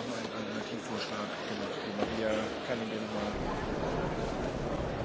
haben einen Alternativvorschlag gemacht. den wir kann ich dir nochmal